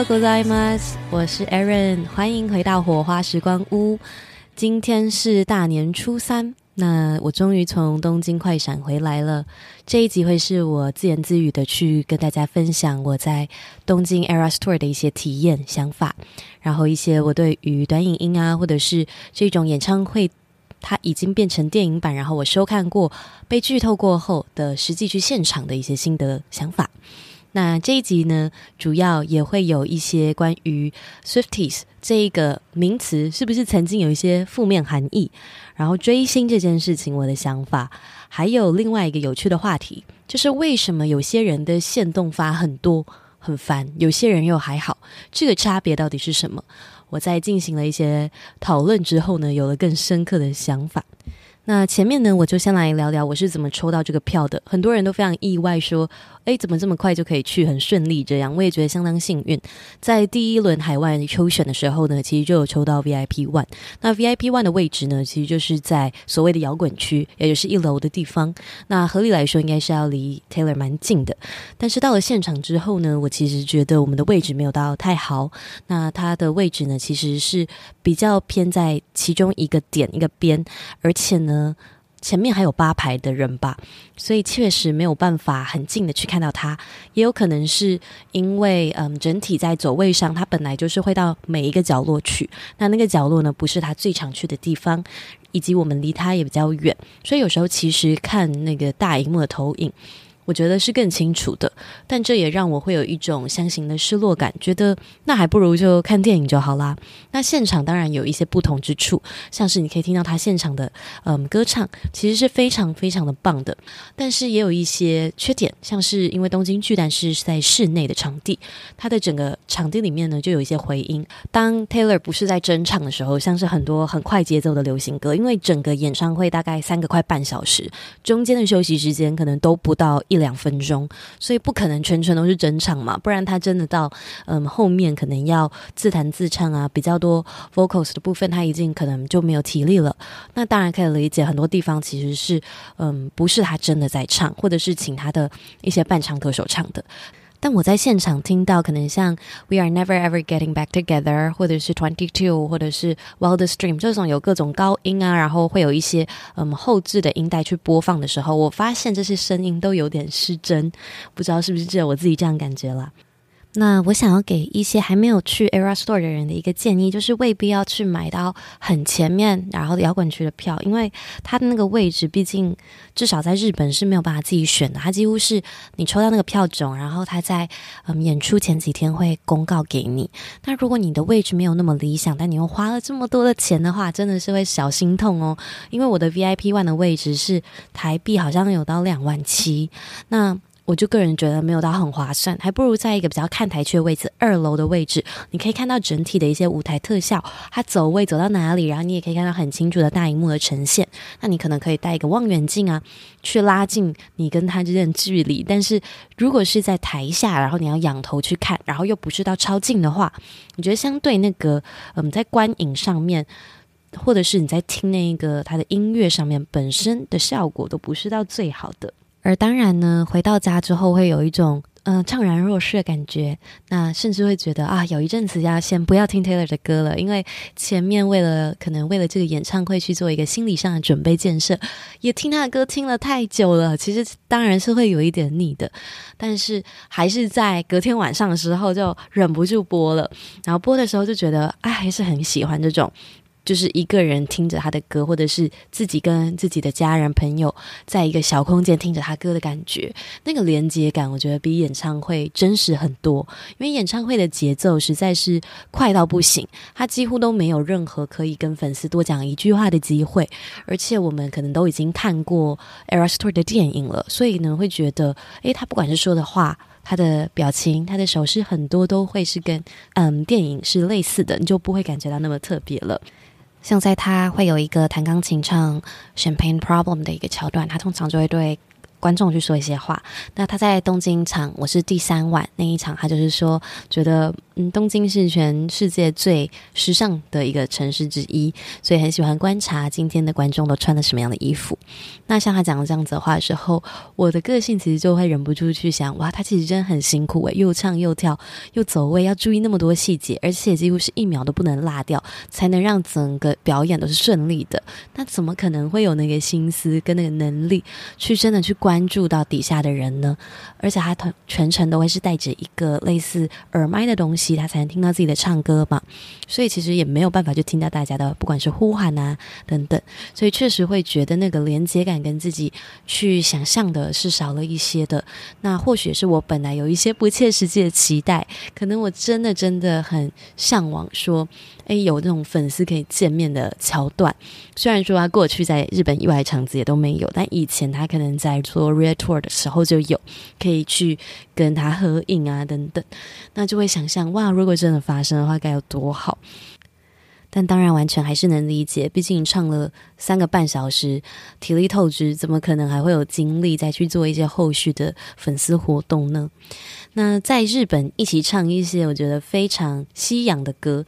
Hello 我是 Aaron，歡迎回到火花拾光屋。今天是大年初三，那我終於從東京快閃回來了。這一集會是我自言自語的去跟大家分享我在東京 Eras Tour 的一些體驗、想法，然後一些我對於短影音啊，或者是這種演唱會，它已經變成電影版，然後我收看過、被劇透過後的實際去現場的一些心得想法。那這一集呢，主要也會有一些關於 Swifties 這一個名詞是不是曾經有一些負面含義，然後追星這件事情，我的想法，還有另外一個有趣的話題，就是為什麼有些人的限動發很多很煩，有些人又還好，這個差別到底是什麼？我在進行了一些討論之後呢，有了更深刻的想法。那前面呢，我就先來聊聊我是怎麼抽到這個票的。很多人都非常意外說，哎，怎麼這麼快就可以去？很順利，這樣我也覺得相當幸運。在第一輪海外抽選的時候呢，其實就有抽到 VIP One。那 VIP One 的位置呢，其實就是在所謂的搖滾區，也就是一樓的地方。那合理來說，應該是要離 Taylor 蠻近的。但是到了現場之後呢，我其實覺得我們的位置沒有到太好。那它的位置呢，其實是比較偏在其中一個點，一個邊，而且呢。前面還有八排的人吧，所以確實沒有辦法很近的去看到他。也有可能是因為嗯，整體在走位上，他本來就是會到每一個角落去。那那個角落呢，不是他最常去的地方，以及我們離他也比較遠，所以有時候其實看那個大熒幕的投影。我覺得是更清楚的，但這也讓我會有一種相形的失落感，覺得那還不如就看電影就好啦。那現場當然有一些不同之處，像是你可以聽到他現場的嗯歌唱，其實是非常非常的棒的，但是也有一些缺點，像是因為東京巨蛋是在室內的場地，它的整個場地裡面呢，就有一些回音。當 Taylor 不是在整場的時候，像是很多很快節奏的流行歌，因為整個演唱會大概三個快半小時，中間的休息時間可能都不到一兩分鐘，所以不可能全程都是真唱嘛，不然他真的到嗯後面可能要自彈自唱啊，比較多 vocals 的部分，他已經可能就沒有體力了。那當然可以理解，很多地方其實是嗯不是他真的在唱，或者是請他的一些伴唱歌手唱的。但我在現場聽到，可能像《We Are Never Ever Getting Back Together》或，或者是《Twenty Two》，或者是《Wildest Dreams》，這種有各種高音啊，然後會有一些嗯、um、後置的音帶去播放的時候，我發現這些聲音都有點失真，不知道是不是只有我自己這樣感覺了。那我想要給一些還沒有去 Eras Tour 的人的一個建議，就是未必要去買到很前面然後搖滾區的票，因為他的那個位置畢竟至少在日本是沒有辦法自己選的，他幾乎是你抽到那個票種，然後他在嗯，演出前幾天會公告給你。那如果你的位置沒有那麼理想，但你又花了這麼多的錢的話，真的是會小心痛哦。因為我的 VIP One 的位置是台幣好像有到兩萬七，那。我就個人覺得沒有到很划算，還不如在一個比較看台區的位置，二樓的位置，你可以看到整體的一些舞台特效，它走位走到哪裡，然後你也可以看到很清楚的大熒幕的呈現。那你可能可以帶一個望遠鏡啊，去拉近你跟他之間的距離。但是如果是在台下，然後你要仰頭去看，然後又不是到超近的話，你覺得相對那個，嗯、呃，在觀影上面，或者是你在聽那個它的音樂上面本身的效果，都不是到最好的。而當然呢，回到家之後會有一種嗯、呃、悵然若失的感覺，那甚至會覺得啊，有一陣子要先不要聽 Taylor 的歌了，因為前面為了可能為了這個演唱會去做一個心理上的準備建設，也聽他的歌聽了太久了，其實當然是會有一點膩的，但是還是在隔天晚上的時候就忍不住播了，然後播的時候就覺得啊、哎，還是很喜歡這種。就是一個人聽着他的歌，或者是自己跟自己的家人朋友在一個小空間聽着他歌的感覺，那個連接感，我覺得比演唱會真實很多。因為演唱會的節奏實在是快到不行，他幾乎都沒有任何可以跟粉絲多講一句話的機會。而且我們可能都已經看過《Eras Tour》的電影了，所以呢，會覺得，誒，他不管是說的話、他的表情、他的手勢，很多都會是跟嗯電影是類似的，你就不會感覺到那麼特別了。像在他會有一個彈鋼琴唱 Champagne Problem 的一個橋段，他通常就會對。觀眾去說一些話。那他在東京場，我是第三晚那一場，他就是說，覺得嗯，東京是全世界最時尚的一個城市之一，所以很喜歡觀察今天的觀眾都穿了什麼樣的衣服。那像他講了這樣子的話的時候，我的個性其實就會忍不住去想，哇，他其實真的很辛苦誒，又唱又跳又走位，要注意那麼多細節，而且幾乎是一秒都不能落掉，才能讓整個表演都是順利的。那怎麼可能會有那個心思跟那個能力去真的去觀？關注到底下的人呢？而且他全程都會是帶着一個類似耳麥的東西，他才能聽到自己的唱歌嘛。所以其實也沒有辦法去聽到大家的，不管是呼喊啊等等。所以確實會覺得那個連接感跟自己去想象的是少了一些的。那或許是我本來有一些不切實際的期待，可能我真的真的很嚮往說。誒，有那種粉絲可以見面的橋段，雖然說他、啊、過去在日本以外場子也都沒有，但以前他可能在做 Red Tour 的時候就有，可以去跟他合影啊等等，那就會想象哇，如果真的發生的話，該有多好！但當然，完全還是能理解，畢竟唱了三個半小時，體力透支，怎麼可能還會有精力再去做一些後續的粉絲活動呢？那在日本一起唱一些我覺得非常吸氧的歌。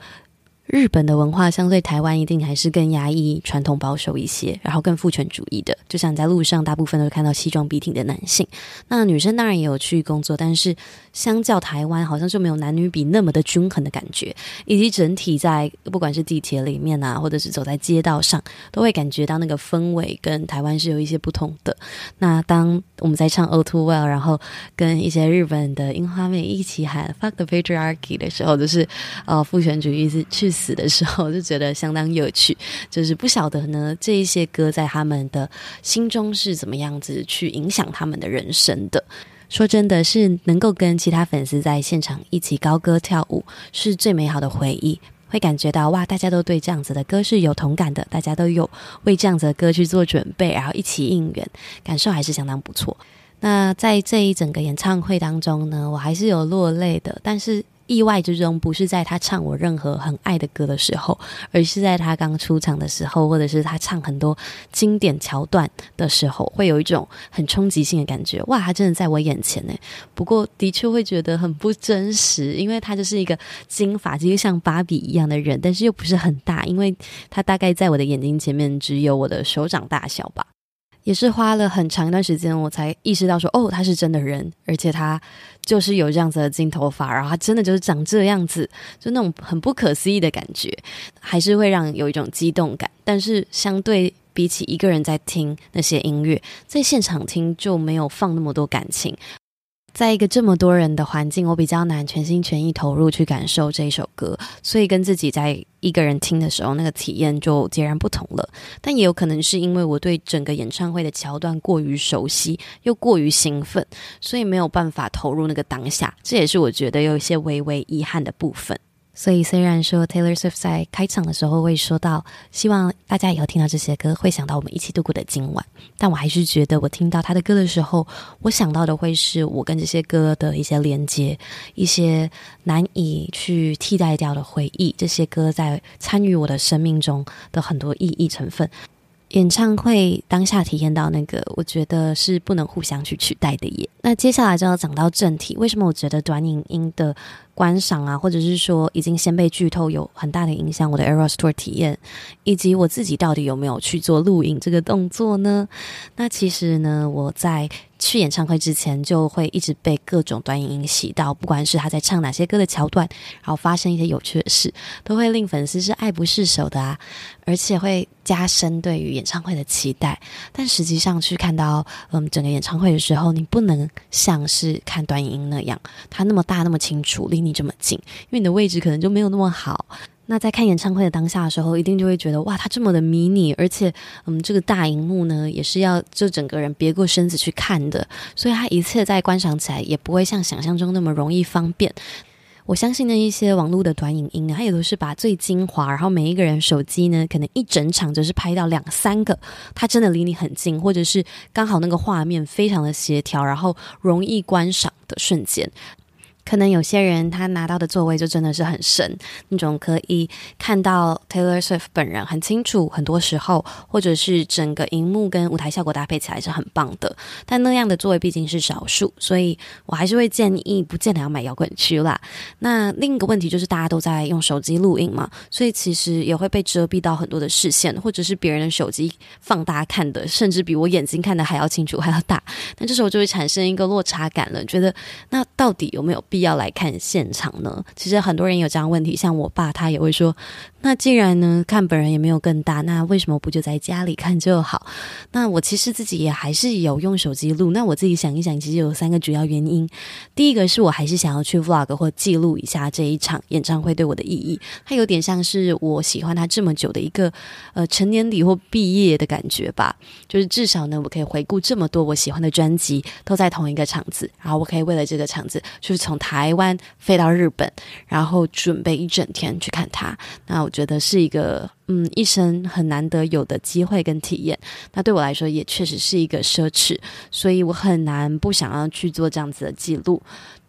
日本的文化相對台灣一定還是更壓抑、傳統、保守一些，然後更父權主義的。就像你在路上，大部分都是看到西裝筆挺的男性。那女生當然也有去工作，但是相較台灣，好像就沒有男女比那麼的均衡的感覺。以及整體在不管是地鐵裡面啊，或者是走在街道上，都會感覺到那個氛圍跟台灣是有一些不同的。那當我們在唱《All Too Well》，然後跟一些日本的櫻花妹一起喊 “Fuck the Patriarchy” 的時候，就是呃父權主義是去。死的時候就覺得相當有趣，就是不曉得呢這一些歌在他們的心中是怎麼樣子去影響他們的人生的。說真的是能夠跟其他粉絲在現場一起高歌跳舞，是最美好的回憶。會感覺到哇，大家都對這樣子的歌是有同感的，大家都有為這樣子的歌去做準備，然後一起應援，感受還是相當不錯。那在這一整個演唱會當中呢，我還是有落淚的，但是。意外之中，不是在他唱我任何很愛的歌的時候，而是在他剛出場的時候，或者是他唱很多經典橋段的時候，會有一種很衝擊性的感覺。哇，他真的在我眼前呢！不過的確會覺得很不真實，因為他就是一個金髮，就是、像芭比一樣的人，但是又不是很大，因為他大概在我的眼睛前面只有我的手掌大小吧。也是花了很長一段時間，我才意識到說，哦，他是真的人，而且他就是有這樣子的金頭髮，然後他真的就是長這樣子，就那種很不可思議的感覺，還是會讓人有一種激動感。但是，相對比起一個人在聽那些音樂，在現場聽就沒有放那麼多感情。在一個這麼多人的環境，我比較難全心全意投入去感受這一首歌，所以跟自己在一個人聽的時候那個體驗就截然不同了。但也有可能是因為我對整個演唱會的橋段過於熟悉，又過於興奮，所以沒有辦法投入那個當下。這也是我覺得有一些微微遺憾的部分。所以，雖然說 Taylor Swift 在開場的時候會說到，希望大家以後聽到這些歌會想到我們一起度過的今晚，但我還是覺得，我聽到他的歌的時候，我想到的會是我跟這些歌的一些連接，一些難以去替代掉的回憶，這些歌在參與我的生命中的很多意義成分。演唱會當下體驗到那個，我覺得是不能互相去取代的耶。那接下來就要講到正題，為什麼我覺得短影音的觀賞啊，或者是說已經先被劇透，有很大的影響我的 Eras Tour 體驗，以及我自己到底有沒有去做錄影這個動作呢？那其實呢，我在。去演唱會之前，就會一直被各種短影音洗到，不管是他在唱哪些歌的橋段，然後發生一些有趣的事，都會令粉絲是愛不釋手的啊！而且會加深對於演唱會的期待。但實際上去看到嗯，整個演唱會的時候，你不能像是看短影音那樣，它那麼大那麼清楚，離你這麼近，因為你的位置可能就沒有那麼好。那在看演唱會的當下的時候，一定就會覺得哇，它這麼的迷你，而且，嗯，這個大熒幕呢，也是要就整個人別過身子去看的，所以它一切在觀賞起來也不會像想象中那麼容易方便。我相信呢，一些網絡的短影音啊，它也都是把最精華，然後每一個人手機呢，可能一整場就是拍到兩三個，它真的離你很近，或者是剛好那個畫面非常的協調，然後容易觀賞的瞬間。可能有些人他拿到的座位就真的是很神，那種可以看到 Taylor Swift 本人很清楚，很多時候或者是整個熒幕跟舞台效果搭配起來是很棒的。但那樣的座位畢竟是少數，所以我還是會建議，不見得要買搖滾區啦。那另一個問題就是大家都在用手機錄音嘛，所以其實也會被遮蔽到很多的視線，或者是別人的手機放大看的，甚至比我眼睛看的還要清楚，還要大。那這時候就會產生一個落差感了，覺得那到底有沒有必要要來看現場呢？其實很多人有這樣問題，像我爸他也會說：“那既然呢看本人也沒有更大，那為什麼不就在家裡看就好？”那我其實自己也還是有用手機錄。那我自己想一想，其實有三個主要原因：第一個是我還是想要去 vlog 或記錄一下這一場演唱會對我的意義，它有點像是我喜歡他這麼久的一個呃成年禮或畢業的感覺吧。就是至少呢，我可以回顧這麼多我喜歡的專輯都在同一個場子，然後我可以為了這個場子就是從他。台灣飛到日本，然後準備一整天去看他。那我覺得是一個嗯，一生很難得有的機會跟體驗。那對我來說，也確實是一個奢侈，所以我很難不想要去做這樣子的記錄。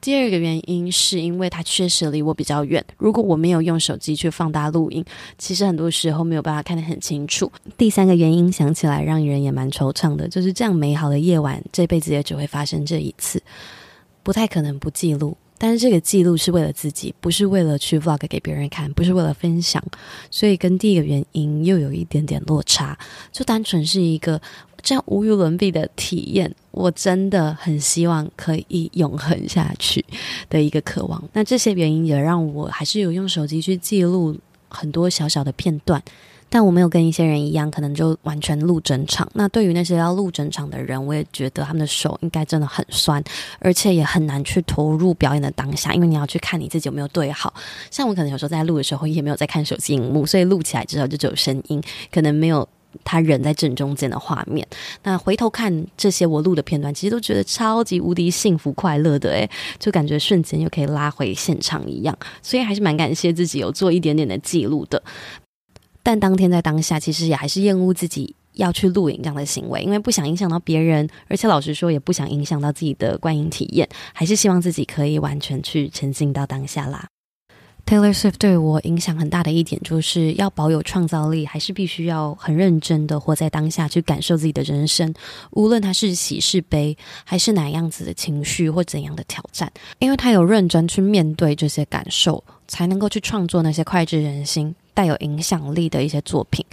第二個原因是因為他確實離我比較遠，如果我沒有用手機去放大錄音，其實很多時候沒有辦法看得很清楚。第三個原因想起來讓人也蠻惆悵的，就是這樣美好的夜晚，這輩子也只會發生這一次，不太可能不記錄。但是這個記錄是為了自己，不是為了去 vlog 給別人看，不是為了分享，所以跟第一個原因又有一點點落差。就單純是一個這樣無與倫比的體驗，我真的很希望可以永恆下去的一個渴望。那這些原因也讓我還是有用手機去記錄很多小小的片段。但我沒有跟一些人一樣，可能就完全錄整場。那對於那些要錄整場的人，我也覺得他們的手應該真的很酸，而且也很難去投入表演的當下，因為你要去看你自己有沒有對好。像我可能有時候在錄的時候，也沒有在看手機熒幕，所以錄起來之後就只有聲音，可能沒有他人在正中間的畫面。那回頭看這些我錄的片段，其實都覺得超級無敵幸福快樂的，欸，誒，就感覺瞬間又可以拉回現場一樣。所以還是蠻感謝自己有做一點點的記錄的。但當天在當下，其實也還是厭惡自己要去錄影這樣的行為，因為不想影響到別人，而且老實說，也不想影響到自己的觀影體驗，還是希望自己可以完全去沉浸到當下啦。Taylor Swift 對我影響很大的一點，就是要保有創造力，還是必須要很認真的活在當下去感受自己的人生，無論他是喜是悲，還是哪樣子的情緒或怎樣的挑戰，因為他有認真去面對這些感受，才能夠去創作那些膾炙人心、帶有影響力的一些作品，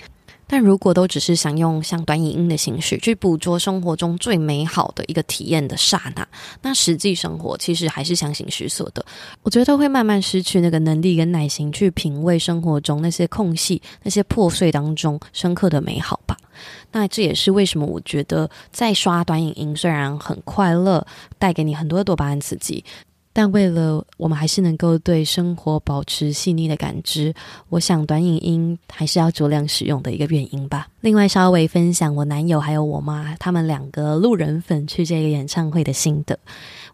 但如果都只是想用像短影音的形式去捕捉生活中最美好的一個體驗的剎那，那實際生活其實還是相形失色的。我覺得會慢慢失去那個能力跟耐心去品味生活中那些空隙，那些破碎當中深刻的美好吧。那這也是為什麼我覺得在刷短影音雖然很快樂，帶給你很多多巴胺刺激。但為了我們還是能夠對生活保持細膩的感知，我想短影音還是要酌量使用的一個原因吧。另外，稍微分享我男友還有我媽他們兩個路人粉去這個演唱會的心得。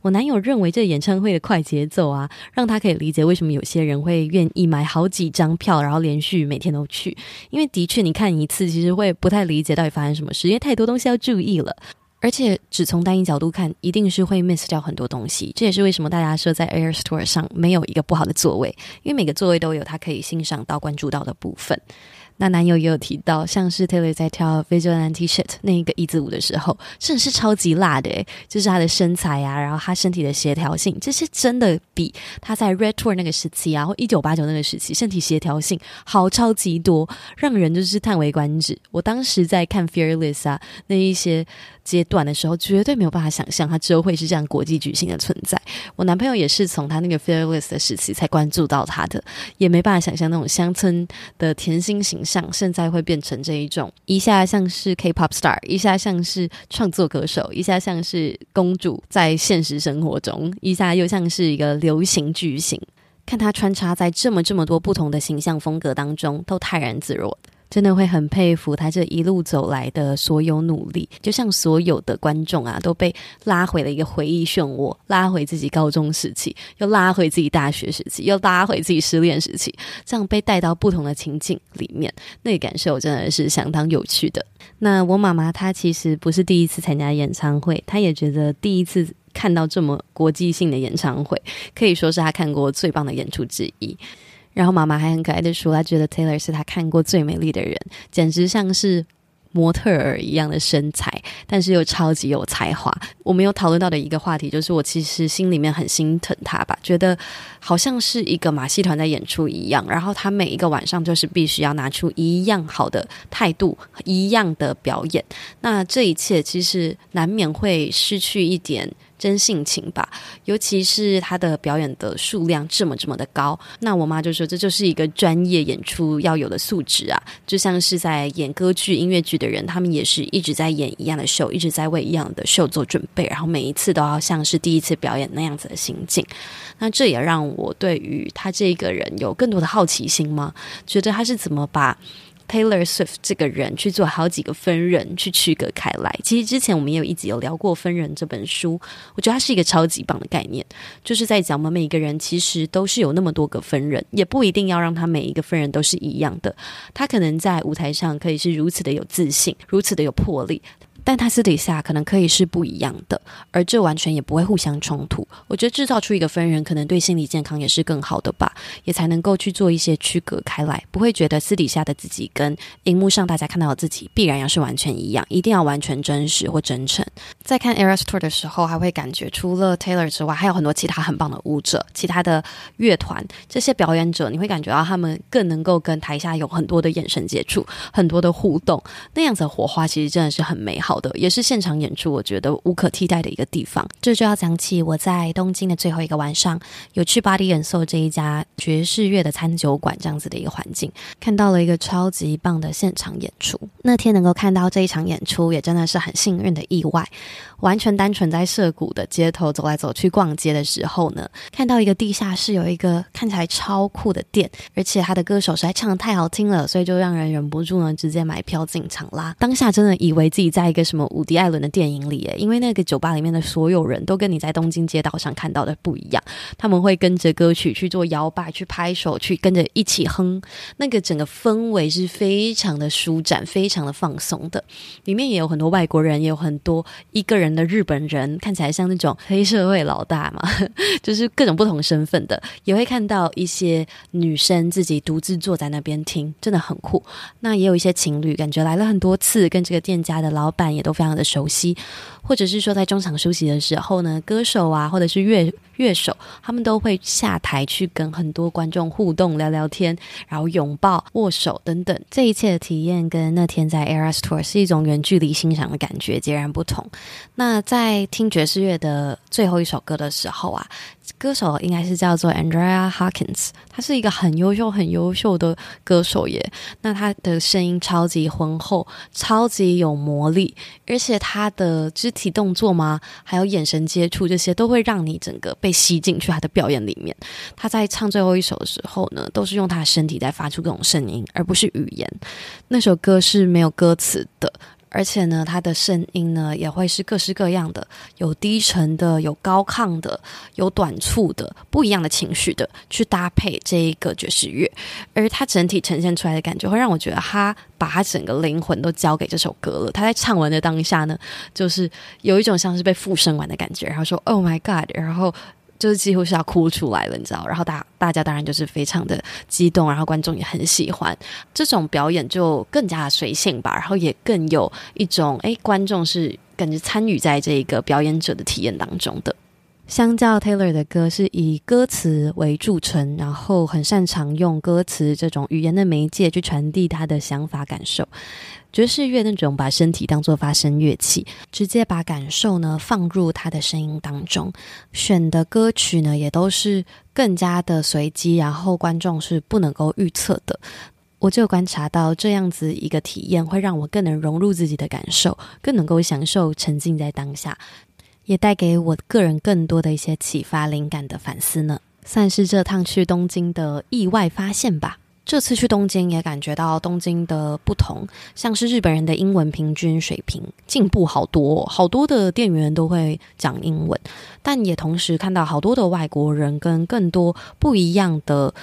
我男友認為這演唱會的快節奏啊，讓他可以理解為什麼有些人會願意買好幾張票，然後連續每天都去。因為的確，你看一次其實會不太理解到底發生什麼事，因為太多東西要注意了。而且只從單一角度看，一定是會 miss 掉很多東西。這也是為什麼大家說在 Eras Tour 上沒有一個不好的座位，因為每個座位都有它可以欣賞到、關注到的部分。那男友也有提到，像是 Taylor 在跳 Vigilante Shit 那一個一字舞的時候，真的是超級辣的，欸，就是她的身材啊，然後她身體的協調性，這些真的比她在 Red Tour 那個時期啊，或一九八九那個時期，身體協調性好超級多，讓人就是嘆為觀止。我當時在看 Fearless 啊那一些階段的時候，絕對沒有辦法想象他之後會是這樣國際巨星的存在。我男朋友也是從他那個 Fearless 的時期才關注到他的，也沒辦法想象那種鄉村的甜心型。像現在會變成這一種，一下像是 K-pop star，一下像是創作歌手，一下像是公主在現實生活中，一下又像是一個流行巨星，看他穿插在這麼這麼多不同的形象風格當中，都泰然自若。真的會很佩服他這一路走來的所有努力，就像所有的觀眾啊，都被拉回了一個回憶漩渦，拉回自己高中時期，又拉回自己大學時期，又拉回自己失戀時期，這樣被帶到不同的情境裡面，那個感受真的是相當有趣的。那我媽媽她其實不是第一次參加演唱會，她也覺得第一次看到這麼國際性的演唱會，可以說是她看過最棒的演出之一。然後媽媽還很可愛的說，她覺得 Taylor 是她看過最美麗的人，簡直像是模特兒一樣的身材，但是又超級有才華。我們有討論到的一個話題，就是我其實心裡面很心疼她吧，覺得好像是一個馬戲團在演出一樣，然後她每一個晚上就是必須要拿出一樣好的態度，一樣的表演。那這一切其實難免會失去一點。真性情吧，尤其是他的表演的數量這麼這麼的高，那我媽就說，這就是一個專業演出要有的素質啊，就像是在演歌劇、音樂劇的人，他們也是一直在演一樣的秀，一直在為一樣的秀做準備，然後每一次都要像是第一次表演那樣子的行徑。那這也讓我對於他這個人有更多的好奇心嗎？覺得他是怎麼把 Taylor Swift 這個人去做好幾個分人，去區隔開來。其實之前我們也有一直有聊過《分人》這本書，我覺得它是一個超級棒的概念，就是在講我們每一個人其實都是有那麼多個分人，也不一定要讓他每一個分人都是一樣的。他可能在舞台上可以是如此的有自信，如此的有魄力。但他私底下可能可以是不一樣的，而這完全也不會互相衝突。我覺得製造出一個分人，可能對心理健康也是更好的吧，也才能夠去做一些區隔開來，不會覺得私底下的自己跟熒幕上大家看到的自己必然要是完全一樣，一定要完全真實或真誠。在看 Eras Tour 的時候，還會感覺除了 Taylor 之外，還有很多其他很棒的舞者、其他的樂團這些表演者，你會感覺到他們更能夠跟台下有很多的眼神接觸、很多的互動，那樣子的火花其實真的是很美好。好的，也是現場演出，我覺得無可替代的一個地方。這就要講起我在東京的最後一個晚上，有去 Body and Soul 這一家爵士樂的餐酒館這樣子的一個環境，看到了一個超級棒的現場演出。那天能夠看到這一場演出，也真的是很幸運的意外。完全單純在澀谷的街頭走來走去逛街的時候呢，看到一個地下室有一個看起來超酷的店，而且他的歌手實在唱得太好聽了，所以就讓人忍不住呢直接買票進場啦。當下真的以為自己在一個什麼伍迪·艾倫的電影裡耶，因為那個酒吧裡面的所有人都跟你在東京街道上看到的不一樣，他們會跟着歌曲去做搖擺、去拍手、去跟着一起哼，那個整個氛圍是非常的舒展、非常的放鬆的。裡面也有很多外國人，也有很多一個人。日本人看起來像那種黑社會老大嘛，就是各種不同身份的，也會看到一些女生自己獨自坐在那邊聽，真的很酷。那也有一些情侶，感覺來了很多次，跟這個店家的老闆也都非常的熟悉，或者是說在中場休息的時候呢，歌手啊或者是樂樂手，他們都會下台去跟很多觀眾互動、聊聊天，然後擁抱、握手等等。這一切的體驗跟那天在 Eras Tour 是一種遠距離欣賞的感覺截然不同。那在聽爵士樂的最後一首歌的時候啊，歌手應該是叫做 Andrea Hawkins，他是一個很優秀、很優秀的歌手耶。那他的聲音超級渾厚，超級有魔力，而且他的肢體動作嘛，還有眼神接觸這些，都會讓你整個被吸進去他的表演裡面。他在唱最後一首的時候呢，都是用他的身體在發出各種聲音，而不是語言。那首歌是沒有歌詞的。而且呢，他的聲音呢也會是各式各樣的，有低沉的，有高亢的，有短促的，不一樣的情緒的去搭配這一個爵士樂，而他整體呈現出來的感覺會讓我覺得他把他整個靈魂都交給這首歌了。他在唱完的當下呢，就是有一種像是被附身完的感覺，然後說 “Oh my God”，然後。就是幾乎是要哭出來了，你知道？然後大家大家當然就是非常的激動，然後觀眾也很喜歡這種表演，就更加的隨性吧，然後也更有一種哎，觀眾是感覺參與在這個表演者的體驗當中的。相較 Taylor 的歌是以歌詞為著稱，然後很擅長用歌詞這種語言的媒介去傳遞他的想法感受。爵士樂那種把身體當作發聲樂器，直接把感受呢放入他的聲音當中。選的歌曲呢也都是更加的隨機，然後觀眾是不能夠預測的。我就觀察到這樣子一個體驗，會讓我更能融入自己的感受，更能夠享受沉浸在當下。也帶給我個人更多的一些啟發、靈感的反思呢，算是這趟去東京的意外發現吧。這次去東京也感覺到東京的不同，像是日本人的英文平均水平進步好多，好多的店員都會講英文，但也同時看到好多的外國人跟更多不一樣的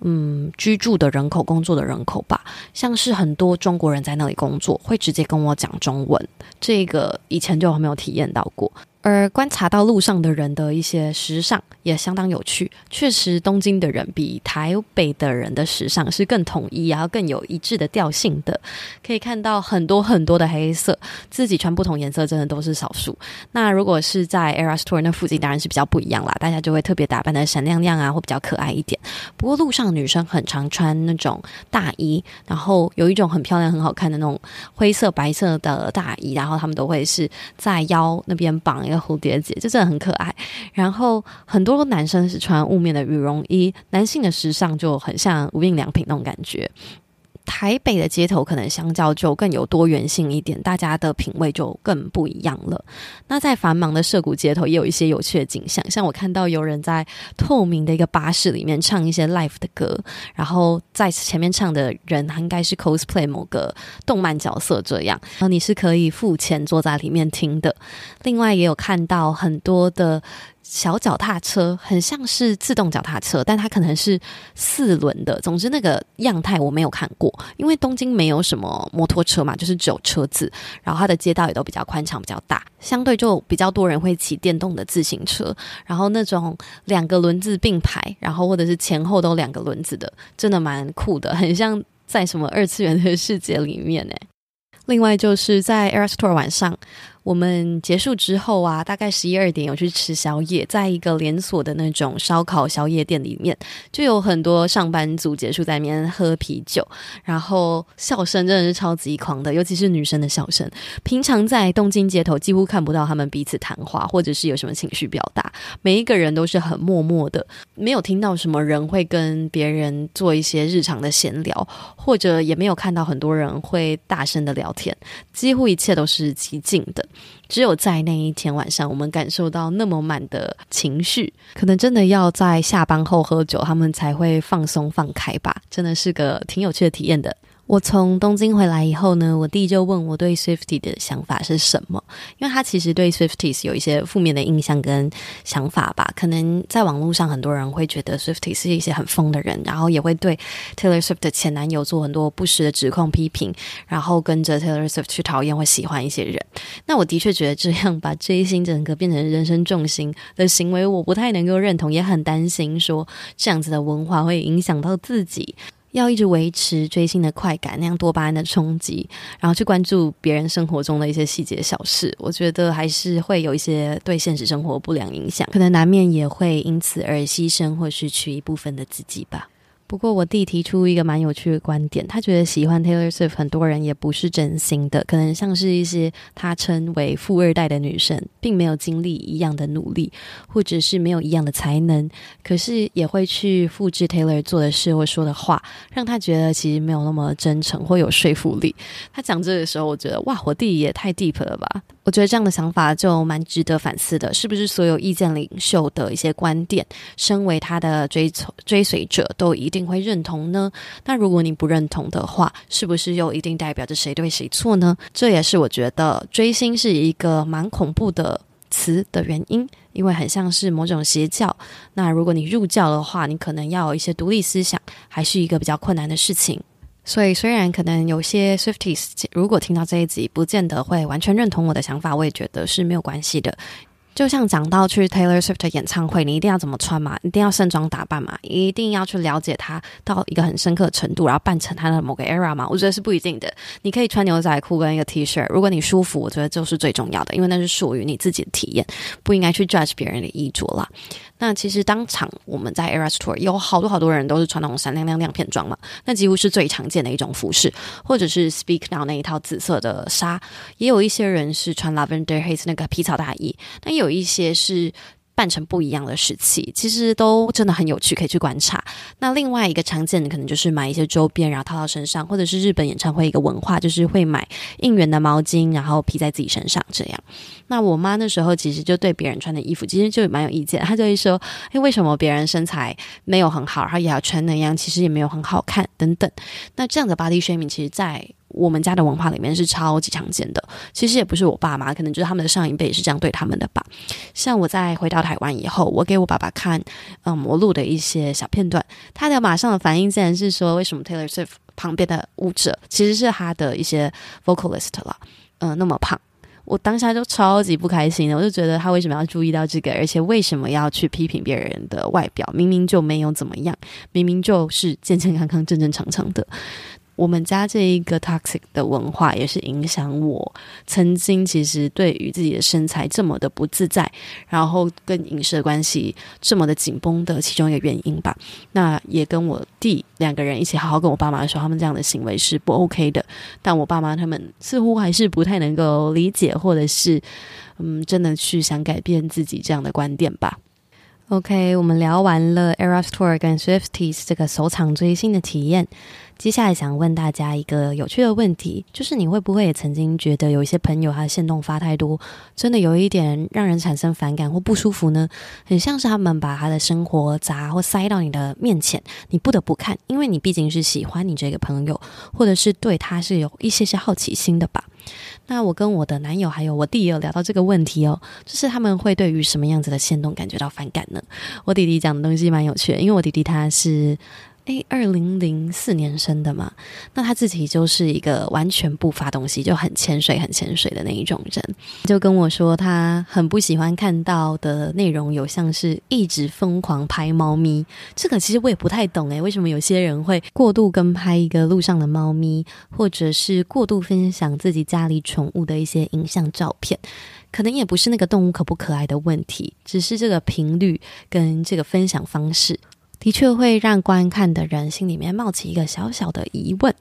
嗯居住的人口、工作的人口吧，像是很多中國人在那裡工作，會直接跟我講中文，這個以前就還沒有體驗到過。而觀察到路上的人的一些時尚也相當有趣。確實，東京的人比台北的人的時尚是更統一，然後更有一致的調性的。可以看到很多很多的黑色，自己穿不同顏色真的都是少數。那如果是在 Eras Tour 那附近，當然是比較不一樣啦。大家就會特別打扮的閃亮亮啊，或比較可愛一點。不過路上女生很常穿那種大衣，然後有一種很漂亮、很好看的那種灰色、白色的大衣，然後他們都會是在腰那邊綁一個蝴蝶結，就真的很可愛。然後很多男生是穿霧面的羽絨衣，男性的時尚就很像無印良品那種感覺。台北的街頭可能相較就更有多元性一點，大家的品味就更不一樣了。那在繁忙的澀谷街頭也有一些有趣的景象，像我看到有人在透明的一個巴士裡面唱一些 live 的歌，然後在前面唱的人應該是 cosplay 某個動漫角色這樣，然後你是可以付錢坐在裡面聽的。另外也有看到很多的。小腳踏車很像是自動腳踏車，但它可能是四輪的。總之，那個樣態我沒有看過，因為東京沒有什麼摩托車嘛，就是只有車子。然後它的街道也都比較寬敞，比較大，相對就比較多人會騎電動的自行車。然後那種兩個輪子並排，然後或者是前後都兩個輪子的，真的蠻酷的，很像在什麼二次元的世界裡面哎。另外就是在 Eras Tour 晚上。我們結束之後啊，大概十一二點有去吃宵夜，在一個連鎖的那種燒烤宵夜店裡面，就有很多上班族結束在裡面喝啤酒，然後笑聲真的是超級狂的，尤其是女生的笑聲。平常在東京街頭幾乎看不到他們彼此談話，或者是有什麼情緒表達，每一個人都是很默默的，沒有聽到什麼人會跟別人做一些日常的閒聊，或者也沒有看到很多人會大聲的聊天，幾乎一切都是寂靜的。只有在那一天晚上，我們感受到那麼滿的情緒，可能真的要在下班後喝酒，他們才會放鬆放開吧。真的是個挺有趣的體驗的。我從東京回來以後呢，我弟就問我對 Swifties 的想法是什麼，因為他其實對 Swifties 有一些負面的印象跟想法吧。可能在網絡上，很多人會覺得 Swifties 是一些很瘋的人，然後也會對 Taylor Swift 的前男友做很多不實的指控、批評，然後跟着 Taylor Swift 去討厭或喜歡一些人。那我的確覺得這樣把追星整個變成人生重心的行為，我不太能夠認同，也很擔心說這樣子的文化會影響到自己。要一直維持追星的快感，那樣多巴胺的衝擊，然後去關注別人生活中的一些細節小事，我覺得還是會有一些對現實生活不良影響，可能難免也會因此而犧牲或失去一部分的自己吧。不過我弟提出一個蠻有趣的觀點，他覺得喜歡 Taylor Swift 很多人也不是真心的，可能像是一些他稱為“富二代”的女生，並沒有經歷一樣的努力，或者是沒有一樣的才能，可是也會去複製 Taylor 做的事或說的話，讓他覺得其實沒有那麼真誠或有說服力。他講這個時候，我覺得哇，我弟也太 deep 了吧！我覺得這樣的想法就蠻值得反思的，是不是所有意見領袖的一些觀點，身為他的追隨追隨者都一定會認同呢？那如果你不認同的話，是不是又一定代表着誰對誰錯呢？這也是我覺得“追星”是一個蠻恐怖的詞的原因，因為很像是某種邪教。那如果你入教的話，你可能要有一些獨立思想，還是一個比較困難的事情。所以，雖然可能有些 Swifties 如果聽到這一集，不見得會完全認同我的想法，我也覺得是沒有關係的。就像講到去 Taylor Swift 演唱會，你一定要怎麼穿嘛？一定要盛裝打扮嘛？一定要去了解他到一個很深刻的程度，然後扮成他的某個 era 嘛？我覺得是不一定的。你可以穿牛仔褲跟一個 T 恤，如果你舒服，我覺得就是最重要的，因為那是屬於你自己的體驗，不應該去 judge 別人的衣着啦。那其實當場我們在 Eras Tour 有好多好多人都是穿那種閃亮亮亮片裝嘛，那幾乎是最常見的一種服飾，或者是 Speak Now 那一套紫色的紗，也有一些人是穿 Lavender Haze 那個皮草大衣，那有一些是，扮成不一樣的時期，其實都真的很有趣，可以去觀察。那另外一個常見的可能就是買一些周邊，然後套到身上，或者是日本演唱會一個文化，就是會買應援的毛巾，然後披在自己身上這樣。那我媽那時候其實就對別人穿的衣服其實就蠻有意見，她就會說：“哎、欸，為什麼別人身材沒有很好，然後也要穿那樣，其實也沒有很好看等等。”那這樣的 body shaming 其實，在我們家的文化裡面是超級常見的，其實也不是我爸媽，可能就是他們的上一輩也是這樣對他們的吧。像我在回到台灣以後，我給我爸爸看，呃，魔錄的一些小片段，他的馬上的反應竟然是說：“為什麼 Taylor Swift 旁邊的舞者其實是他的一些 vocalist 了？嗯、呃，那麼胖。”我當下就超級不開心的，我就覺得他為什麼要注意到這個，而且為什麼要去批評別人的外表？明明就沒有怎麼樣，明明就是健健康康、正正常常的。我們家這一個 toxic 的文化也是影響我，曾經其實對於自己的身材這麼的不自在，然後跟飲食的關係這麼的緊繃的其中一個原因吧。那也跟我弟兩個人一起好好跟我爸媽說，他們這樣的行為是不 OK 的。但我爸媽他們似乎還是不太能夠理解，或者是嗯，真的去想改變自己這樣的觀點吧。OK，我們聊完了 Eras Tour 跟 Swifties 這個首場追星的體驗。接下來想問大家一個有趣的問題，就是你會不會也曾經覺得有一些朋友他的限動發太多，真的有一點讓人產生反感或不舒服呢？很像是他們把他的生活砸或塞到你的面前，你不得不看，因為你畢竟是喜歡你這個朋友，或者是對他是有一些些好奇心的吧。那我跟我的男友還有我弟也有聊到這個問題哦，就是他們會對於什麼樣子的限動感覺到反感呢？我弟弟講的東西蠻有趣的，因為我弟弟他是。二零零四年生的嘛，那他自己就是一個完全不發東西，就很潛水、很潛水的那一種人，就跟我說他很不喜歡看到的內容有像是一直瘋狂拍貓咪。這個其實我也不太懂誒，為什麼有些人會過度跟拍一個路上的貓咪，或者是過度分享自己家裡寵物的一些影像照片？可能也不是那個動物可不可愛的問題，只是這個頻率跟這個分享方式。的確會讓觀看的人心裡面冒起一個小小的疑問。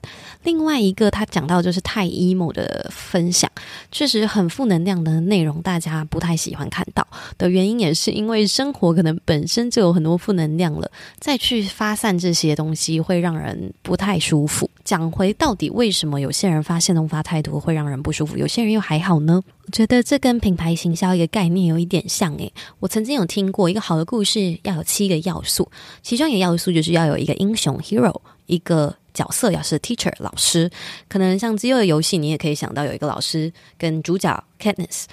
另外一個，他講到就是太 emo 的分享，確實很負能量的內容，大家不太喜歡看到的原因，也是因為生活可能本身就有很多負能量了，再去發散這些東西，會讓人不太舒服。講回到底為什麼有些人發限動發太多會讓人不舒服，有些人又還好呢？我覺得這跟品牌行銷一個概念有一點像誒。我曾經有聽過一個好的故事要有七個要素，其中一個要素就是要有一個英雄 hero，一個角色要是 teacher 老師，可能像《飢餓遊戲》你也可以想到有一個老師跟主角 Katniss。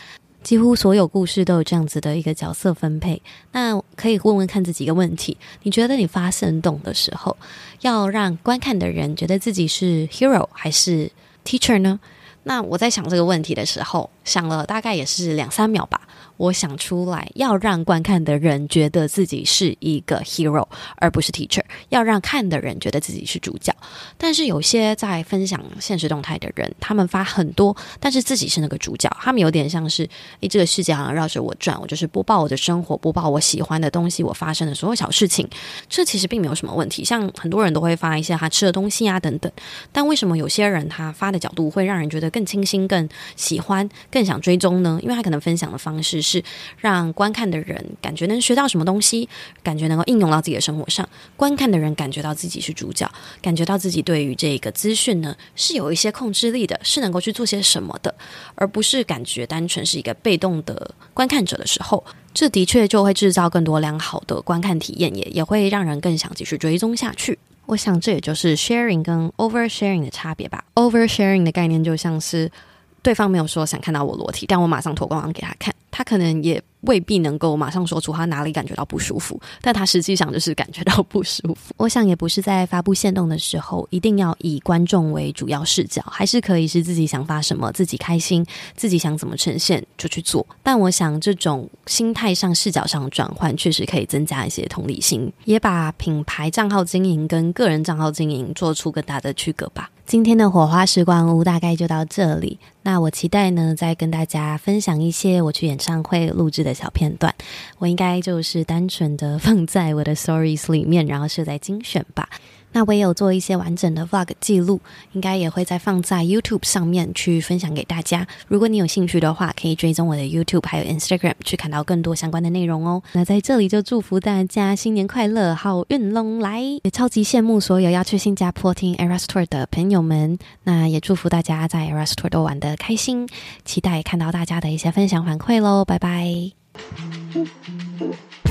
幾乎所有故事都有這樣子的一個角色分配。那可以問問看這幾個問題：你覺得你發限動的時候，要讓觀看的人覺得自己是 hero 還是 teacher 呢？那我在想這個問題的時候，想了大概也是兩三秒吧。我想出來要讓觀看的人覺得自己是一個 hero，而不是 teacher。要讓看的人覺得自己是主角。但是有些在分享限時動態的人，他們發很多，但是自己是那個主角。他們有點像是，誒，這個世界好像繞着我轉，我就是播報我的生活，播報我喜歡的東西，我發生的所有小事情。這其實並沒有什麼問題。像很多人都會發一些他、啊、吃的東西啊等等。但為什麼有些人他發的角度會讓人覺得更清新、更喜歡、更想追蹤呢？因為他可能分享的方式。是讓觀看的人感覺能學到什麼東西，感覺能夠應用到自己的生活上。觀看的人感覺到自己是主角，感覺到自己對於這個資訊呢是有一些控制力的，是能夠去做些什麼的，而不是感覺單純是一個被動的觀看者的時候，這的確就會製造更多良好的觀看體驗，也也會讓人更想繼續追蹤下去。我想這也就是 sharing 跟 oversharing 的差別吧。Oversharing 的概念就像是對方沒有說想看到我裸體，但我馬上脫光光給他看。他可能也未必能夠馬上說出他哪裡感覺到不舒服，但他實際上就是感覺到不舒服。我想也不是在發布限動的時候一定要以觀眾為主要視角，還是可以是自己想發什麼自己開心，自己想怎麼呈現就去做。但我想這種心態上視角上轉換，確實可以增加一些同理心，也把品牌賬號經營跟個人賬號經營做出更大的區隔吧。今天的火花拾光屋大概就到這裡。那我期待呢，再跟大家分享一些我去演唱會錄製的小片段。我應該就是單純的放在我的 Stories 裡面，然後設在精選吧。那我也有做一些完整的 Vlog 記錄，應該也會再放在 YouTube 上面去分享給大家。如果你有興趣的話，可以追蹤我的 YouTube 還有 Instagram 去看到更多相關的內容哦。那在這裡就祝福大家新年快樂，好運龍來！也超級羨慕所有要去新加坡聽 Eras Tour 的朋友們，那也祝福大家在 Eras Tour 都玩得開心，期待看到大家的一些分享反饋嘍！拜拜。嗯嗯